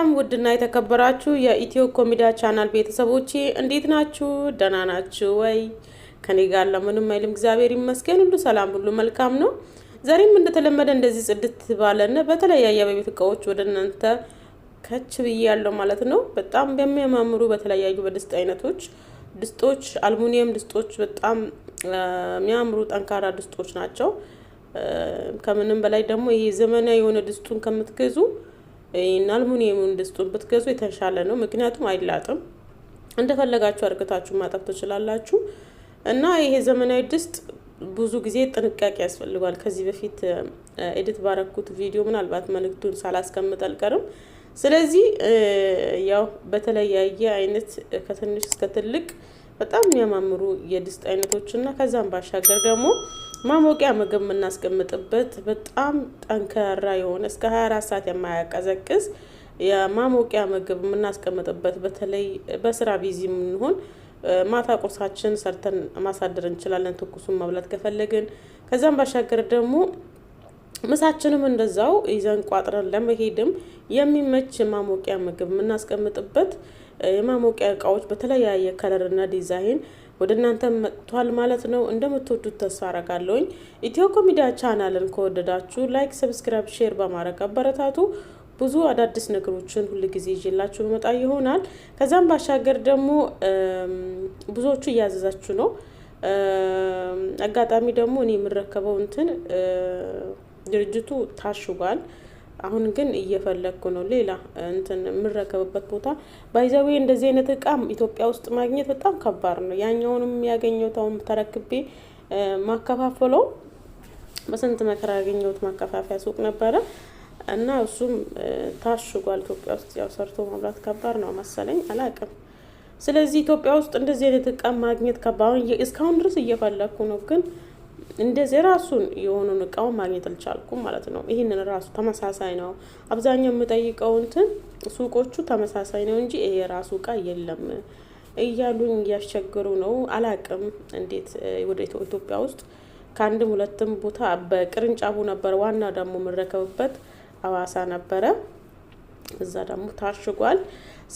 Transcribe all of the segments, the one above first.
ሰላም ውድና የተከበራችሁ የኢትዮ ኮሚዲያ ቻናል ቤተሰቦቼ እንዴት ናችሁ? ደህና ናችሁ ወይ? ከኔ ጋር ለምንም አይልም እግዚአብሔር ይመስገን፣ ሁሉ ሰላም፣ ሁሉ መልካም ነው። ዛሬም እንደተለመደ እንደዚህ ጽድት ባለና በተለያየ በቤት እቃዎች ወደ እናንተ ከች ብዬ ያለው ማለት ነው። በጣም በሚያማምሩ በተለያዩ በድስት አይነቶች ድስቶች፣ አልሙኒየም ድስቶች በጣም የሚያምሩ ጠንካራ ድስቶች ናቸው። ከምንም በላይ ደግሞ ይሄ ዘመናዊ የሆነ ድስቱን ከምትገዙ አልሙኒየሙን ድስቱን ብትገዙ የተሻለ ነው። ምክንያቱም አይላጥም። እንደፈለጋችሁ አድርግታችሁ ማጠፍ ትችላላችሁ። እና ይሄ ዘመናዊ ድስት ብዙ ጊዜ ጥንቃቄ ያስፈልጓል። ከዚህ በፊት ኤዲት ባረኩት ቪዲዮ ምናልባት መልእክቱን ሳላስቀምጥ አልቀርም። ስለዚህ ያው በተለያየ አይነት ከትንሽ እስከ ትልቅ በጣም የሚያማምሩ የድስት አይነቶችና ከዛም ባሻገር ደግሞ ማሞቂያ ምግብ የምናስቀምጥበት በጣም ጠንካራ የሆነ እስከ 24 ሰዓት የማያቀዘቅዝ የማሞቂያ ምግብ የምናስቀምጥበት በተለይ በስራ ቢዚ የምንሆን ማታ ቁርሳችን ሰርተን ማሳደር እንችላለን፣ ትኩሱን መብላት ከፈለግን። ከዛም ባሻገር ደግሞ ምሳችንም እንደዛው ይዘን ቋጥረን ለመሄድም የሚመች ማሞቂያ ምግብ የምናስቀምጥበት የማሞቂያ እቃዎች በተለያየ ከለርና ዲዛይን ወደ እናንተ መጥቷል ማለት ነው። እንደምትወዱት ተስፋ አረጋለሁኝ። ኢትዮ ኮሚዲያ ቻናልን ከወደዳችሁ ላይክ፣ ሰብስክራይብ፣ ሼር በማድረግ አበረታቱ። ብዙ አዳዲስ ነገሮችን ሁል ጊዜ ይዤላችሁ መጣ ይሆናል። ከዛም ባሻገር ደግሞ ብዙዎቹ እያዘዛችሁ ነው። አጋጣሚ ደግሞ እኔ የምረከበው እንትን ድርጅቱ ታሽጓል። አሁን ግን እየፈለግኩ ነው ሌላ እንትን የምረከብበት ቦታ ባይዘዌ እንደዚህ አይነት እቃም ኢትዮጵያ ውስጥ ማግኘት በጣም ከባድ ነው። ያኛውንም ያገኘሁትን ተረክቤ ማከፋፈለው በስንት መከራ ያገኘሁት ማከፋፈያ ሱቅ ነበረ እና እሱም ታሽጓል። ኢትዮጵያ ውስጥ ያው ሰርቶ መብላት ከባድ ነው መሰለኝ አላቅም። ስለዚህ ኢትዮጵያ ውስጥ እንደዚህ አይነት እቃ ማግኘት ከባድ እስካሁን ድረስ እየፈለግኩ ነው ግን እንደዚህ ራሱን የሆኑን እቃውን ማግኘት አልቻልኩም ማለት ነው። ይህንን ራሱ ተመሳሳይ ነው። አብዛኛው የምጠይቀው እንትን ሱቆቹ ተመሳሳይ ነው እንጂ ይሄ ራሱ እቃ የለም እያሉኝ እያስቸገሩ ነው። አላቅም እንዴት ወደ ኢትዮጵያ ውስጥ ከአንድም ሁለትም ቦታ በቅርንጫፉ ነበር። ዋና ደግሞ የምንረከብበት አዋሳ ነበረ። እዛ ደግሞ ታሽጓል።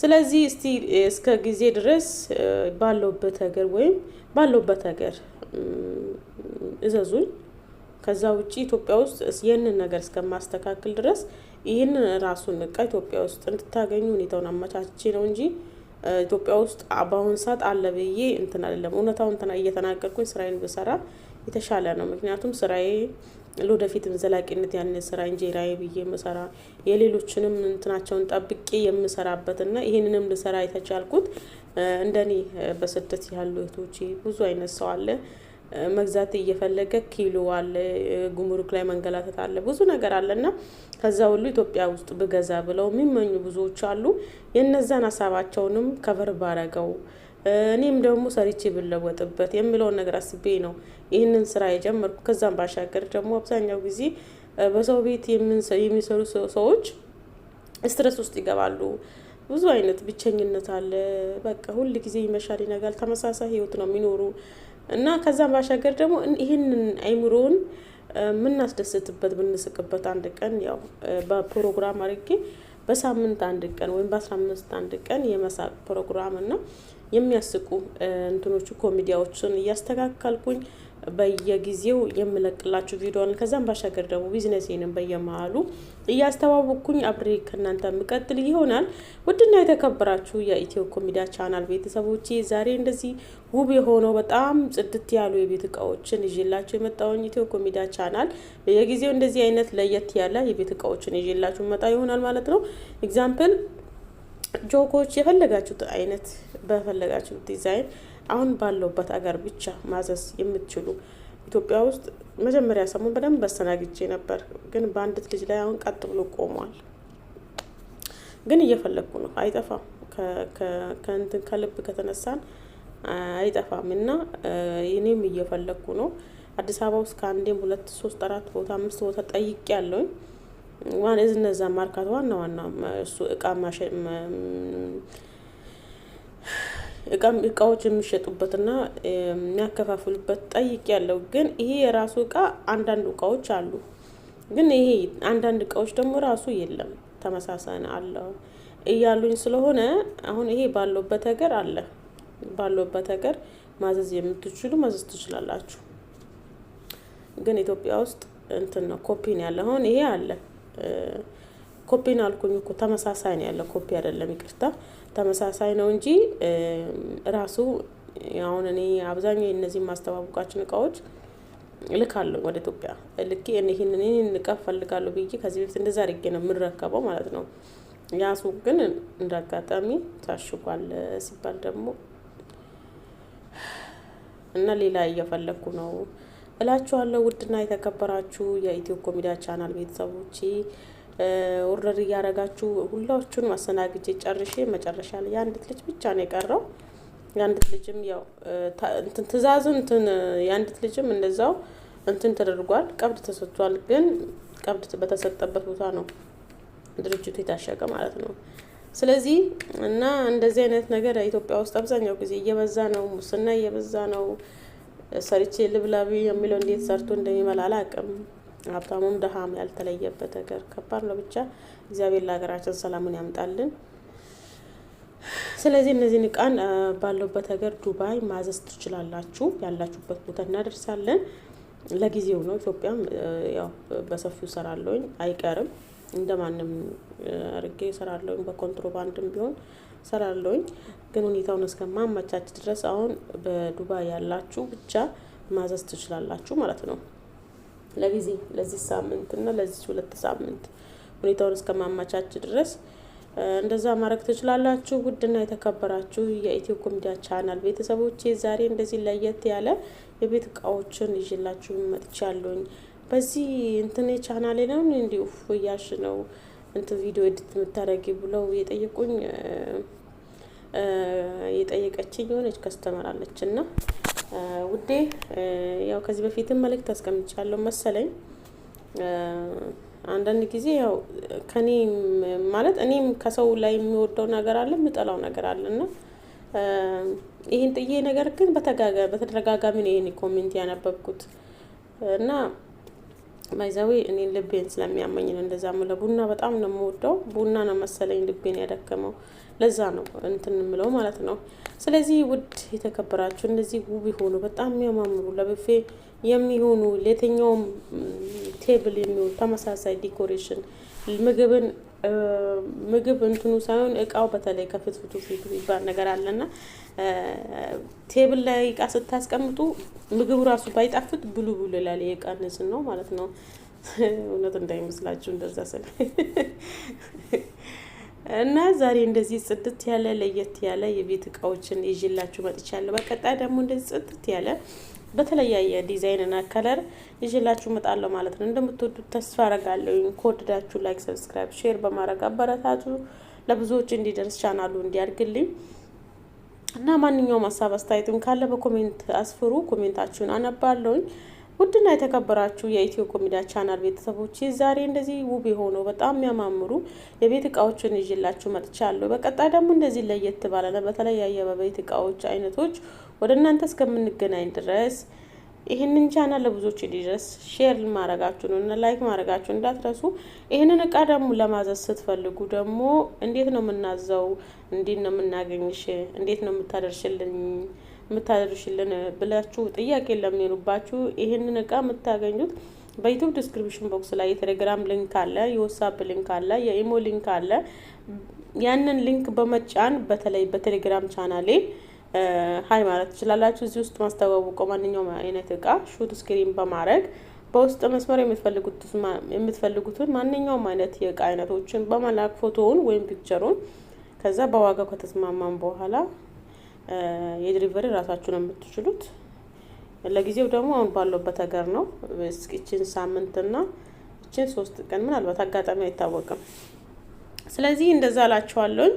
ስለዚህ እስቲ እስከ ጊዜ ድረስ ባለውበት ሀገር ወይም ባለውበት ሀገር እዘዙኝ። ከዛ ውጭ ኢትዮጵያ ውስጥ ይህንን ነገር እስከማስተካከል ድረስ ይህንን ራሱን እቃ ኢትዮጵያ ውስጥ እንድታገኙ ሁኔታውን አመቻቼ ነው እንጂ ኢትዮጵያ ውስጥ በአሁን ሰዓት አለ ብዬ እንትን አይደለም። እውነታውን እንትና እየተናገርኩኝ ስራዬን ብሰራ የተሻለ ነው። ምክንያቱም ስራዬ ለወደፊትም ዘላቂነት ያን ስራ እንጀራዬ ብዬ የምሰራ የሌሎችንም እንትናቸውን ጠብቄ የምሰራበትና ይህንንም ልሰራ የተቻልኩት እንደኔ በስደት ያሉ እህቶቼ ብዙ አይነት ሰው አለ መግዛት እየፈለገ ኪሎ አለ፣ ጉምሩክ ላይ መንገላተት አለ፣ ብዙ ነገር አለ እና ከዛ ሁሉ ኢትዮጵያ ውስጥ ብገዛ ብለው የሚመኙ ብዙዎች አሉ። የነዛን ሀሳባቸውንም ከበር ባረገው እኔም ደግሞ ሰሪቼ ብለወጥበት የሚለውን ነገር አስቤ ነው ይህንን ስራ የጀመርኩ። ከዛም ባሻገር ደግሞ አብዛኛው ጊዜ በሰው ቤት የሚሰሩ ሰዎች ስትረስ ውስጥ ይገባሉ። ብዙ አይነት ብቸኝነት አለ። በቃ ሁል ጊዜ ይመሻል፣ ይነጋል፣ ተመሳሳይ ህይወት ነው የሚኖሩ እና ከዛም ባሻገር ደግሞ ይህንን አይምሮውን የምናስደስትበት ብንስቅበት አንድ ቀን ያው በፕሮግራም አድርጌ በሳምንት አንድ ቀን ወይም በአስራ አምስት አንድ ቀን የመሳቅ ፕሮግራም እና የሚያስቁ እንትኖቹ ኮሚዲያዎችን እያስተካከልኩኝ በየጊዜው የምለቅላችሁ ቪዲዮን ከዛም ባሻገር ደግሞ ቢዝነሴንም በየመሀሉ እያስተዋወቅኩኝ አብሬ ከእናንተ የምቀጥል ይሆናል። ውድና የተከበራችሁ የኢትዮ ኮሚዲያ ቻናል ቤተሰቦቼ ዛሬ እንደዚህ ውብ የሆነው በጣም ጽድት ያሉ የቤት እቃዎችን ይዤላችሁ የመጣውኝ ኢትዮ ኮሚዲያ ቻናል በየጊዜው እንደዚህ አይነት ለየት ያለ የቤት እቃዎችን ይዤላችሁ መጣ ይሆናል ማለት ነው። ኤግዛምፕል ጆኮች የፈለጋችሁት አይነት በፈለጋችሁት ዲዛይን አሁን ባለውበት አገር ብቻ ማዘዝ የምትችሉ ኢትዮጵያ ውስጥ መጀመሪያ ሰሞን በደንብ አስተናግጄ ነበር፣ ግን በአንዲት ልጅ ላይ አሁን ቀጥ ብሎ ቆሟል። ግን እየፈለግኩ ነው፣ አይጠፋም። ከእንትን ከልብ ከተነሳን አይጠፋም እና እኔም እየፈለግኩ ነው። አዲስ አበባ ውስጥ ከአንዴም ሁለት ሶስት አራት ቦታ አምስት ቦታ ጠይቅ ያለውኝ ዋን እነዛ ማርካት ዋና ዋና እሱ እቃ እቃዎች የሚሸጡበትና የሚያከፋፍሉበት ጠይቅ ያለው ግን ይሄ የራሱ እቃ አንዳንድ እቃዎች አሉ። ግን ይሄ አንዳንድ እቃዎች ደግሞ ራሱ የለም ተመሳሳይ አለው እያሉኝ ስለሆነ አሁን ይሄ ባለበት ሀገር አለ ባለበት ሀገር ማዘዝ የምትችሉ ማዘዝ ትችላላችሁ። ግን ኢትዮጵያ ውስጥ እንትን ነው ኮፒን ያለ አሁን ይሄ አለ ኮፒን አልኩኝ እኮ ተመሳሳይ ነው ያለ ኮፒ አይደለም፣ ይቅርታ ተመሳሳይ ነው እንጂ ራሱ አሁን እኔ አብዛኛው እነዚህ የማስተዋወቃችን እቃዎች ልካለሁ ወደ ኢትዮጵያ ልኬ ይህንን ንቃ ፈልጋለሁ ብዬ ከዚህ በፊት እንደዛ አድርጌ ነው የምንረከበው ማለት ነው። ያሱ ግን እንዳጋጣሚ ታሽጓል ሲባል ደግሞ እና ሌላ እየፈለግኩ ነው እላችኋለሁ። ውድና የተከበራችሁ የኢትዮ ኮሚዲያ ቻናል ቤተሰቦቼ ኦርደር እያረጋችሁ ሁላችሁን ማሰናግጄ ጨርሼ መጨረሻ ላይ የአንዲት ልጅ ብቻ ነው የቀረው። የአንዲት ልጅም ያው ትእዛዝም እንትን የአንዲት ልጅም እንደዛው እንትን ተደርጓል። ቀብድ ተሰጥቷል። ግን ቀብድ በተሰጠበት ቦታ ነው ድርጅቱ የታሸገ ማለት ነው። ስለዚህ እና እንደዚህ አይነት ነገር ኢትዮጵያ ውስጥ አብዛኛው ጊዜ እየበዛ ነው፣ ሙስና እየበዛ ነው። ሰርቼ ልብላቢ የሚለው እንዴት ሰርቶ እንደሚመላ አላውቅም። ሀብታሙም ድሃም ያልተለየበት ነገር ከባድ ነው። ብቻ እግዚአብሔር ለሀገራችን ሰላሙን ያምጣልን። ስለዚህ እነዚህን እቃን ባለውበት ሀገር ዱባይ ማዘዝ ትችላላችሁ። ያላችሁበት ቦታ እናደርሳለን። ለጊዜው ነው። ኢትዮጵያም ያው በሰፊው ሰራለውኝ አይቀርም። እንደማንም አርጌ ሰራለውኝ። በኮንትሮባንድም ቢሆን ሰራለውኝ። ግን ሁኔታውን እስከማመቻች ድረስ አሁን በዱባይ ያላችሁ ብቻ ማዘዝ ትችላላችሁ ማለት ነው። ለጊዜ ለዚህ ሳምንት እና ለዚህ ሁለት ሳምንት ሁኔታውን እስከማመቻች ድረስ እንደዛ ማድረግ ትችላላችሁ። ውድና የተከበራችሁ የኢትዮ ኮሚዲያ ቻናል ቤተሰቦቼ ዛሬ እንደዚህ ለየት ያለ የቤት እቃዎችን ይዤላችሁ መጥቻለሁኝ። በዚህ እንትኔ ቻናሌ ነው እንዲሁ ፍያሽ ነው እንትን ቪዲዮ ኤዲት የምታደርጊ ብለው የጠየቁኝ የጠየቀችኝ የሆነች ከስተመር አለች እና ውዴ ያው ከዚህ በፊትም መልእክት አስቀምጫለሁ መሰለኝ። አንዳንድ ጊዜ ያው ከኔ ማለት እኔም ከሰው ላይ የሚወደው ነገር አለ፣ የምጠላው ነገር አለ እና ይህን ጥዬ ነገር ግን በተደጋጋሚ ነው ይህን ኮሜንት ያነበብኩት እና ባይዘዌ እኔን ልቤን ስለሚያመኝ ነው እንደዛ ምለው። ቡና በጣም ነው የምወደው። ቡና ነው መሰለኝ ልቤን ያደከመው። ለዛ ነው እንትን ምለው ማለት ነው። ስለዚህ ውድ የተከበራችሁ እንደዚህ ውብ የሆኑ በጣም የሚያማምሩ ለብፌ የሚሆኑ ለየትኛውም ቴብል የሚሆኑ ተመሳሳይ ዲኮሬሽን ምግብን ምግብ እንትኑ ሳይሆን እቃው በተለይ ከፍትፍቱ ፊቱ ፊቱ ነገር አለና ቴብል ላይ እቃ ስታስቀምጡ ምግቡ ራሱ ባይጣፍጥ ብሉ ብሉ ይላል። የቀንስ ነው ማለት ነው። እውነት እንዳይመስላችሁ እንደዛ ስል እና ዛሬ እንደዚህ ጽድት ያለ ለየት ያለ የቤት እቃዎችን ይዤላችሁ መጥቻለሁ። በቀጣይ ደግሞ እንደዚህ ጽድት ያለ በተለያየ ዲዛይንና ከለር ይዤላችሁ እመጣለሁ ማለት ነው። እንደምትወዱት ተስፋ አረጋለሁ። ከወደዳችሁ ላይክ፣ ሰብስክራይብ፣ ሼር በማድረግ አበረታቱ። ለብዙዎች እንዲደርስ ቻናሉ እንዲያድግልኝ እና ማንኛውም ሀሳብ አስተያየትም ካለ በኮሜንት አስፍሩ። ኮሜንታችሁን አነባለሁኝ። ውድና የተከበራችሁ የኢትዮ ኮሚዲያ ቻናል ቤተሰቦች ዛሬ እንደዚህ ውብ የሆኑ በጣም የሚያማምሩ የቤት እቃዎችን ይዤላችሁ መጥቻለሁ። በቀጣይ ደግሞ እንደዚህ ለየት ባለና በተለያየ በቤት እቃዎች አይነቶች ወደ እናንተ እስከምንገናኝ ድረስ ይህንን ቻናል ለብዙዎች እንዲደርስ ሼር ማድረጋችሁን እና ላይክ ማድረጋችሁን እንዳትረሱ። ይህንን እቃ ደግሞ ለማዘዝ ስትፈልጉ ደግሞ እንዴት ነው የምናዘው? እንዴት ነው የምናገኝሽ? እንዴት ነው የምታደርሽልኝ? የምታደርሽልን ብላችሁ ጥያቄ ለሚኖሩባችሁ ይህንን እቃ የምታገኙት በዩቱብ ዲስክሪፕሽን ቦክስ ላይ የቴሌግራም ሊንክ አለ፣ የዋትሳፕ ሊንክ አለ፣ የኢሞ ሊንክ አለ። ያንን ሊንክ በመጫን በተለይ በቴሌግራም ቻናሌ ሀይ ማለት ትችላላችሁ። እዚህ ውስጥ ማስተዋወቀ ማንኛውም አይነት እቃ ሹት ስክሪን በማድረግ በውስጥ መስመር የምትፈልጉትን ማንኛውም አይነት የእቃ አይነቶችን በመላክ ፎቶውን ወይም ፒክቸሩን ከዛ በዋጋው ከተስማማን በኋላ የድሪቨሪ ራሳችሁ ነው የምትችሉት። ለጊዜው ደግሞ አሁን ባለውበት ሀገር ነው። እስኪችን ሳምንትና እችን ሶስት ቀን ምናልባት አጋጣሚ አይታወቅም። ስለዚህ እንደዛ እላችኋለሁኝ።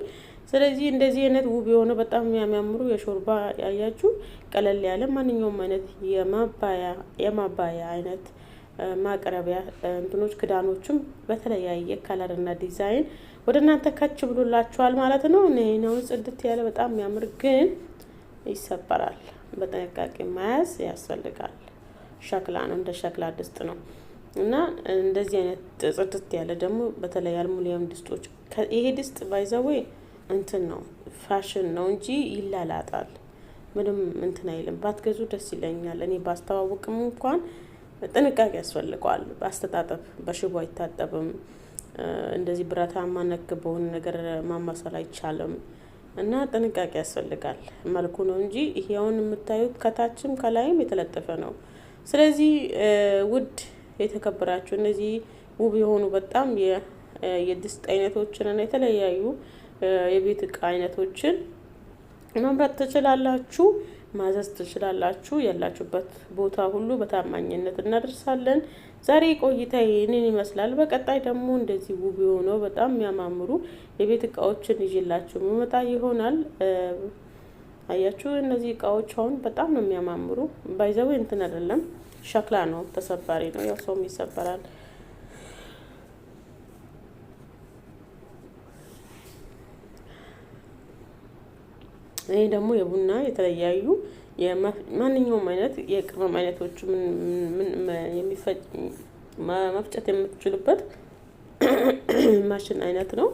ስለዚህ እንደዚህ አይነት ውብ የሆነ በጣም የሚያማምሩ የሾርባ ያያችሁ ቀለል ያለ ማንኛውም አይነት የማባያ የማባያ አይነት ማቅረቢያ እንትኖች ክዳኖቹም በተለያየ ከለር እና ዲዛይን ወደ እናንተ ከች ብሎላችኋል ማለት ነው። እኔ ነው ጽድት ያለ በጣም የሚያምር ግን ይሰበራል። በጥንቃቄ መያዝ ያስፈልጋል። ሸክላ ነው፣ እንደ ሸክላ ድስት ነው እና እንደዚህ አይነት ጽድት ያለ ደግሞ በተለይ አልሙኒየም ድስቶች ይሄ ድስት ባይዘዌ እንትን ነው ፋሽን ነው እንጂ ይላላጣል። ምንም እንትን አይልም። ባትገዙ ደስ ይለኛል። እኔ ባስተዋውቅም እንኳን ጥንቃቄ ያስፈልገዋል። አስተጣጠብ በሽቦ አይታጠብም። እንደዚህ ብረታማ ነክ በሆነ ነገር ማማሰል አይቻልም እና ጥንቃቄ ያስፈልጋል። መልኩ ነው እንጂ ይሄ አሁን የምታዩት ከታችም ከላይም የተለጠፈ ነው። ስለዚህ ውድ የተከበራችሁ እነዚህ ውብ የሆኑ በጣም የድስት አይነቶችን እና የተለያዩ የቤት እቃ አይነቶችን መምረጥ ትችላላችሁ። ማዘዝ ትችላላችሁ። ያላችሁበት ቦታ ሁሉ በታማኝነት እናደርሳለን። ዛሬ ቆይታ ይህንን ይመስላል። በቀጣይ ደግሞ እንደዚህ ውብ የሆነው በጣም የሚያማምሩ የቤት እቃዎችን ይዤላችሁ መመጣ ይሆናል። አያችሁ፣ እነዚህ እቃዎች አሁን በጣም ነው የሚያማምሩ። ባይዘው እንትን አይደለም፣ ሸክላ ነው፣ ተሰባሪ ነው። ያው ሰውም ይሰበራል። ይህ ደግሞ የቡና የተለያዩ ማንኛውም አይነት የቅመም አይነቶች መፍጨት የምትችሉበት ማሽን አይነት ነው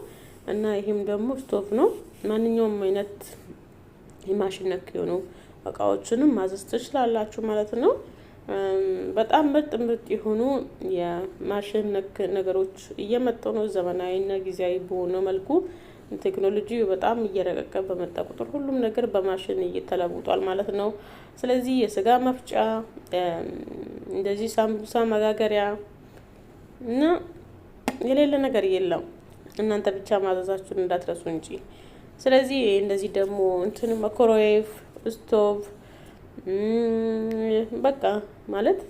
እና ይህም ደግሞ ስቶቭ ነው። ማንኛውም አይነት የማሽን ነክ የሆኑ እቃዎችንም ማዘዝ ትችላላችሁ ማለት ነው። በጣም ምርጥ ምርጥ የሆኑ የማሽን ነክ ነገሮች እየመጡ ነው። ዘመናዊና ጊዜያዊ በሆነ መልኩ ቴክኖሎጂ በጣም እየረቀቀ በመጣ ቁጥር ሁሉም ነገር በማሽን እየተለውጧል ማለት ነው። ስለዚህ የስጋ መፍጫ እንደዚህ ሳምቡሳ መጋገሪያ እና የሌለ ነገር የለም። እናንተ ብቻ ማዘዛችሁን እንዳትረሱ እንጂ። ስለዚህ እንደዚህ ደግሞ እንትን ማይክሮዌቭ ስቶቭ በቃ ማለት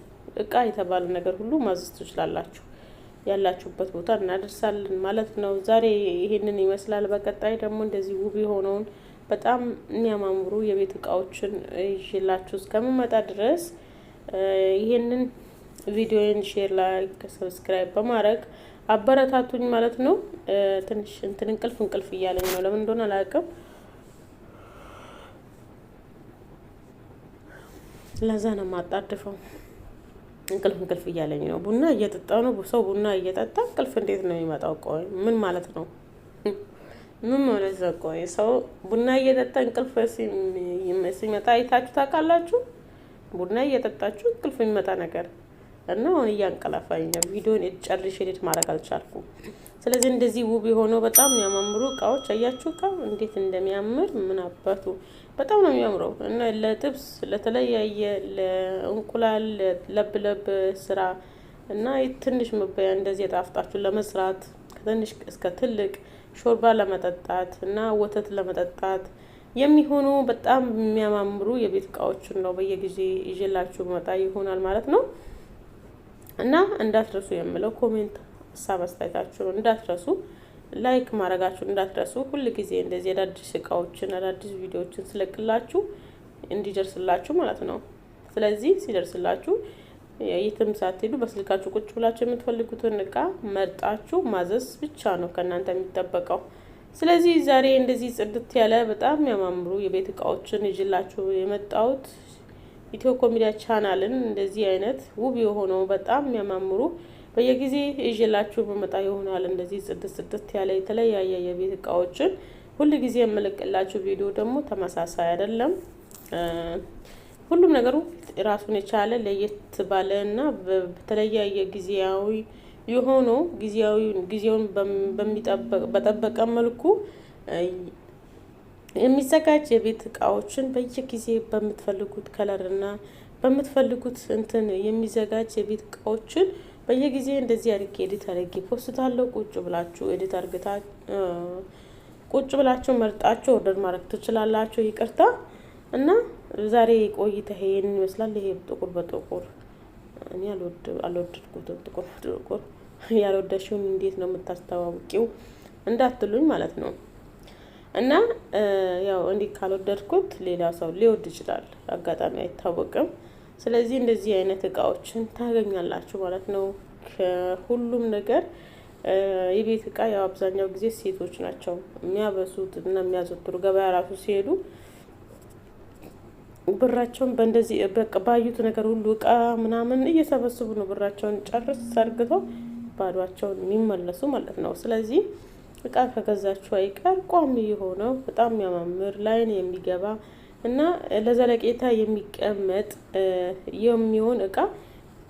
እቃ የተባለ ነገር ሁሉ ማዘዝ ትችላላችሁ። ያላችሁበት ቦታ እናደርሳለን ማለት ነው። ዛሬ ይሄንን ይመስላል። በቀጣይ ደግሞ እንደዚህ ውብ የሆነውን በጣም የሚያማምሩ የቤት እቃዎችን ይዤላችሁ እስከምመጣ ድረስ ይሄንን ቪዲዮን ሼር፣ ላይክ፣ ሰብስክራይብ በማድረግ አበረታቱኝ ማለት ነው። ትንሽ እንትን እንቅልፍ እንቅልፍ እያለኝ ነው፣ ለምን እንደሆነ አላውቅም። ለዛ ነው የማጣድፈው። እንቅልፍ እንቅልፍ እያለኝ ነው። ቡና እየጠጣ ነው ሰው ቡና እየጠጣ እንቅልፍ እንዴት ነው የሚመጣው? ቆይ ምን ማለት ነው? ምን ማለት ነው? ቆይ ሰው ቡና እየጠጣ እንቅልፍ ሲመጣ አይታችሁ ታውቃላችሁ? ቡና እየጠጣችሁ እንቅልፍ የሚመጣ ነገር እና አሁን እያንቀላፋኝ ነው። ቪዲዮን ጨርሼ ኤዲት ማድረግ አልቻልኩም። ስለዚህ እንደዚህ ውብ የሆነው በጣም የሚያማምሩ እቃዎች አያችሁ፣ እቃ እንዴት እንደሚያምር ምን አባቱ በጣም ነው የሚያምረው። እና ለጥብስ፣ ለተለያየ ለእንቁላል፣ ለብለብ ስራ እና ትንሽ መበያ እንደዚህ የጣፍጣችሁ ለመስራት ከትንሽ እስከ ትልቅ ሾርባ ለመጠጣት እና ወተት ለመጠጣት የሚሆኑ በጣም የሚያማምሩ የቤት እቃዎችን ነው በየጊዜ ይዤላችሁ መጣ ይሆናል ማለት ነው። እና እንዳትረሱ የምለው ኮሜንት፣ ሀሳብ አስተያየታችሁን እንዳትረሱ፣ ላይክ ማድረጋችሁን እንዳትረሱ። ሁል ጊዜ እንደዚህ አዳዲስ እቃዎችን አዳዲስ ቪዲዮዎችን ስለቅላችሁ እንዲደርስላችሁ ማለት ነው። ስለዚህ ሲደርስላችሁ የትም ሳትሄዱ በስልካችሁ ቁጭ ብላችሁ የምትፈልጉትን እቃ መርጣችሁ ማዘዝ ብቻ ነው ከእናንተ የሚጠበቀው። ስለዚህ ዛሬ እንደዚህ ጽድት ያለ በጣም የሚያማምሩ የቤት እቃዎችን ይዤላችሁ የመጣሁት ኢትዮ ኮሚዲያ ቻናልን እንደዚህ አይነት ውብ የሆነው በጣም የሚያማምሩ በየጊዜ እዥላችሁ በመጣ ይሆናል። እንደዚህ ጽድት ጽድት ያለ የተለያየ የቤት እቃዎችን ሁል ጊዜ የምልቅላችሁ ቪዲዮ ደግሞ ተመሳሳይ አይደለም። ሁሉም ነገሩ ራሱን የቻለ ለየት ባለ እና በተለያየ ጊዜያዊ የሆነው ጊዜያዊ ጊዜውን በጠበቀ መልኩ የሚዘጋጅ የቤት እቃዎችን በየጊዜ በምትፈልጉት ከለር ከለርና በምትፈልጉት እንትን የሚዘጋጅ የቤት እቃዎችን በየጊዜ እንደዚህ አድርጌ ኤዲት አድርጌ ፖስታለሁ። ቁጭ ብላችሁ ኤዲት አርግታ ቁጭ ብላችሁ መርጣችሁ ኦርደር ማድረግ ትችላላችሁ። ይቅርታ እና ዛሬ ቆይታ ይሄን ይመስላል። ይሄ ጥቁር በጥቁር እኔ አልወደድኩትም። ጥቁር በጥቁር ያልወደሽውን እንዴት ነው የምታስተዋውቂው እንዳትሉኝ ማለት ነው። እና ያው እንዲህ ካልወደድኩት ሌላ ሰው ሊወድ ይችላል፣ አጋጣሚ አይታወቅም። ስለዚህ እንደዚህ አይነት እቃዎችን ታገኛላችሁ ማለት ነው። ከሁሉም ነገር የቤት እቃ ያው አብዛኛው ጊዜ ሴቶች ናቸው የሚያበሱት እና የሚያዘወትሩ ገበያ ራሱ ሲሄዱ ብራቸውን በእንደዚህ በቃ ባዩት ነገር ሁሉ እቃ ምናምን እየሰበሰቡ ነው ብራቸውን ጨርስ ሰርግተው ባዷቸውን የሚመለሱ ማለት ነው። ስለዚህ እቃ ከገዛችሁ አይቀር ቋሚ የሆነው በጣም የሚያማምር ላይን የሚገባ እና ለዘለቄታ የሚቀመጥ የሚሆን እቃ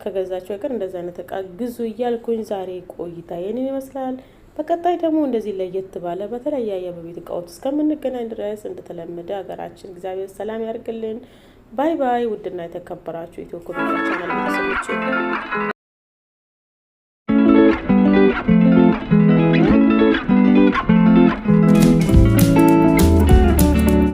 ከገዛችሁ አይቀር እንደዚህ አይነት እቃ ግዙ እያልኩኝ ዛሬ ቆይታ ይህንን ይመስላል። በቀጣይ ደግሞ እንደዚህ ለየት ባለ በተለያየ በቤት እቃዎች እስከምንገናኝ ድረስ እንደተለመደ ሀገራችን እግዚአብሔር ሰላም ያርግልን። ባይ ባይ። ውድና የተከበራችሁ ኢትዮ ሰዎች